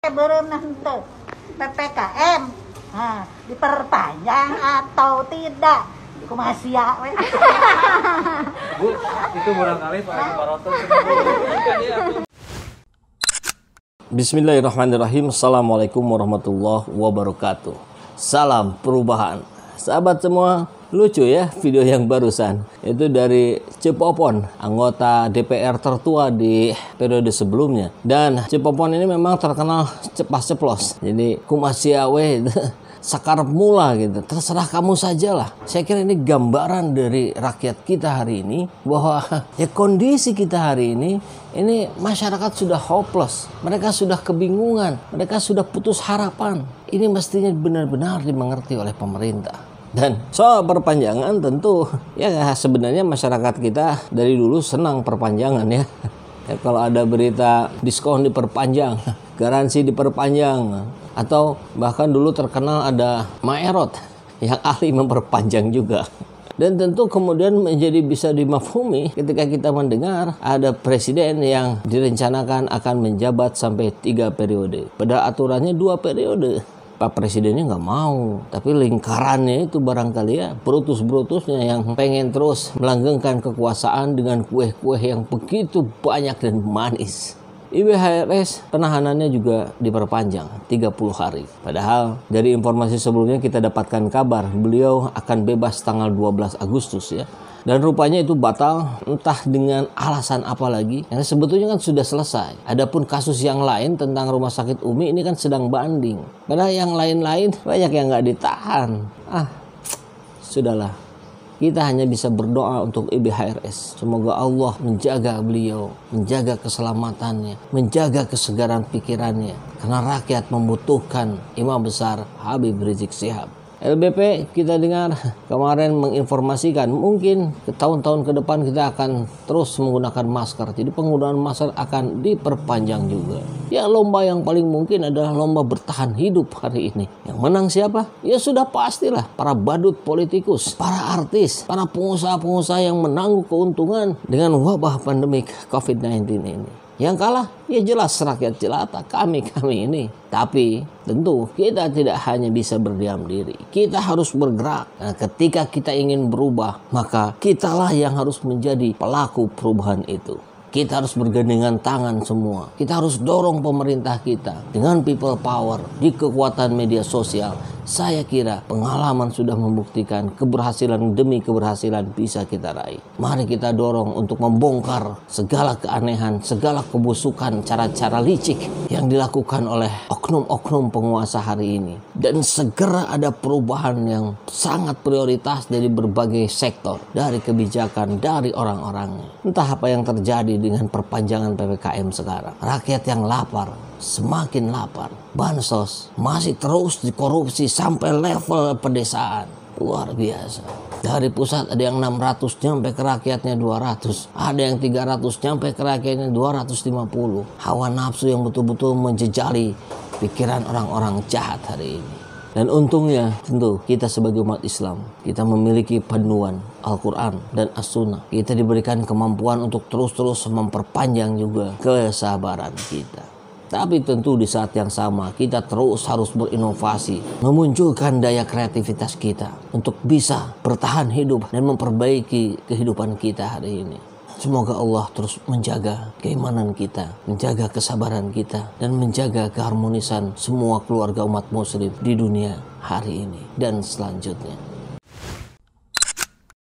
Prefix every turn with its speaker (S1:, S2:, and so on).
S1: baru nentu, PPKM nah, diperpanjang atau tidak aku masih ya bu itu barangkali Pak Haji Paroto Bismillahirrahmanirrahim Assalamualaikum warahmatullahi wabarakatuh Salam perubahan Sahabat semua Lucu ya video yang barusan. Itu dari Cepopon, anggota DPR tertua di periode sebelumnya. Dan Cepopon ini memang terkenal cepat ceplos. Jadi kumasiawe itu sekarap mula gitu. Terserah kamu sajalah. Saya kira ini gambaran dari rakyat kita hari ini bahwa ya kondisi kita hari ini ini masyarakat sudah hopeless. Mereka sudah kebingungan, mereka sudah putus harapan. Ini mestinya benar-benar dimengerti oleh pemerintah. Dan soal perpanjangan tentu ya sebenarnya masyarakat kita dari dulu senang perpanjangan ya. ya kalau ada berita diskon diperpanjang, garansi diperpanjang, atau bahkan dulu terkenal ada Maerot yang ahli memperpanjang juga. Dan tentu kemudian menjadi bisa dimafhumi ketika kita mendengar ada presiden yang direncanakan akan menjabat sampai tiga periode. Pada aturannya dua periode. Pak Presidennya nggak mau. Tapi lingkarannya itu barangkali ya brutus-brutusnya yang pengen terus melanggengkan kekuasaan dengan kue-kue yang begitu banyak dan manis. IBHRS penahanannya juga diperpanjang 30 hari. Padahal dari informasi sebelumnya kita dapatkan kabar beliau akan bebas tanggal 12 Agustus ya. Dan rupanya itu batal entah dengan alasan apa lagi. Yang sebetulnya kan sudah selesai. Adapun kasus yang lain tentang rumah sakit Umi ini kan sedang banding. Padahal yang lain-lain banyak yang nggak ditahan. Ah, sudahlah kita hanya bisa berdoa untuk IBHRS. Semoga Allah menjaga beliau, menjaga keselamatannya, menjaga kesegaran pikirannya. Karena rakyat membutuhkan imam besar Habib Rizik Sihab. LBP kita dengar kemarin menginformasikan mungkin tahun-tahun ke depan kita akan terus menggunakan masker. Jadi penggunaan masker akan diperpanjang juga. Ya lomba yang paling mungkin adalah lomba bertahan hidup hari ini. Yang menang siapa? Ya sudah pastilah para badut politikus, para artis, para pengusaha-pengusaha yang menangguh keuntungan dengan wabah pandemik COVID-19 ini. Yang kalah ya jelas rakyat jelata kami-kami ini. Tapi tentu kita tidak hanya bisa berdiam diri. Kita harus bergerak. Nah, ketika kita ingin berubah maka kitalah yang harus menjadi pelaku perubahan itu. Kita harus bergandengan tangan semua. Kita harus dorong pemerintah kita dengan people power di kekuatan media sosial saya kira pengalaman sudah membuktikan keberhasilan demi keberhasilan bisa kita raih. Mari kita dorong untuk membongkar segala keanehan, segala kebusukan, cara-cara licik yang dilakukan oleh oknum-oknum penguasa hari ini. Dan segera ada perubahan yang sangat prioritas dari berbagai sektor, dari kebijakan, dari orang orang Entah apa yang terjadi dengan perpanjangan PPKM sekarang. Rakyat yang lapar, semakin lapar. Bansos masih terus dikorupsi sampai level pedesaan. Luar biasa. Dari pusat ada yang 600 nyampe ke rakyatnya 200. Ada yang 300 nyampe ke rakyatnya 250. Hawa nafsu yang betul-betul menjejali pikiran orang-orang jahat hari ini. Dan untungnya tentu kita sebagai umat Islam kita memiliki panduan Al-Quran dan As-Sunnah. Kita diberikan kemampuan untuk terus-terus memperpanjang juga kesabaran kita. Tapi tentu di saat yang sama kita terus harus berinovasi, memunculkan daya kreativitas kita untuk bisa bertahan hidup dan memperbaiki kehidupan kita hari ini. Semoga Allah terus menjaga keimanan kita, menjaga kesabaran kita, dan menjaga keharmonisan semua keluarga umat muslim di dunia hari ini dan selanjutnya.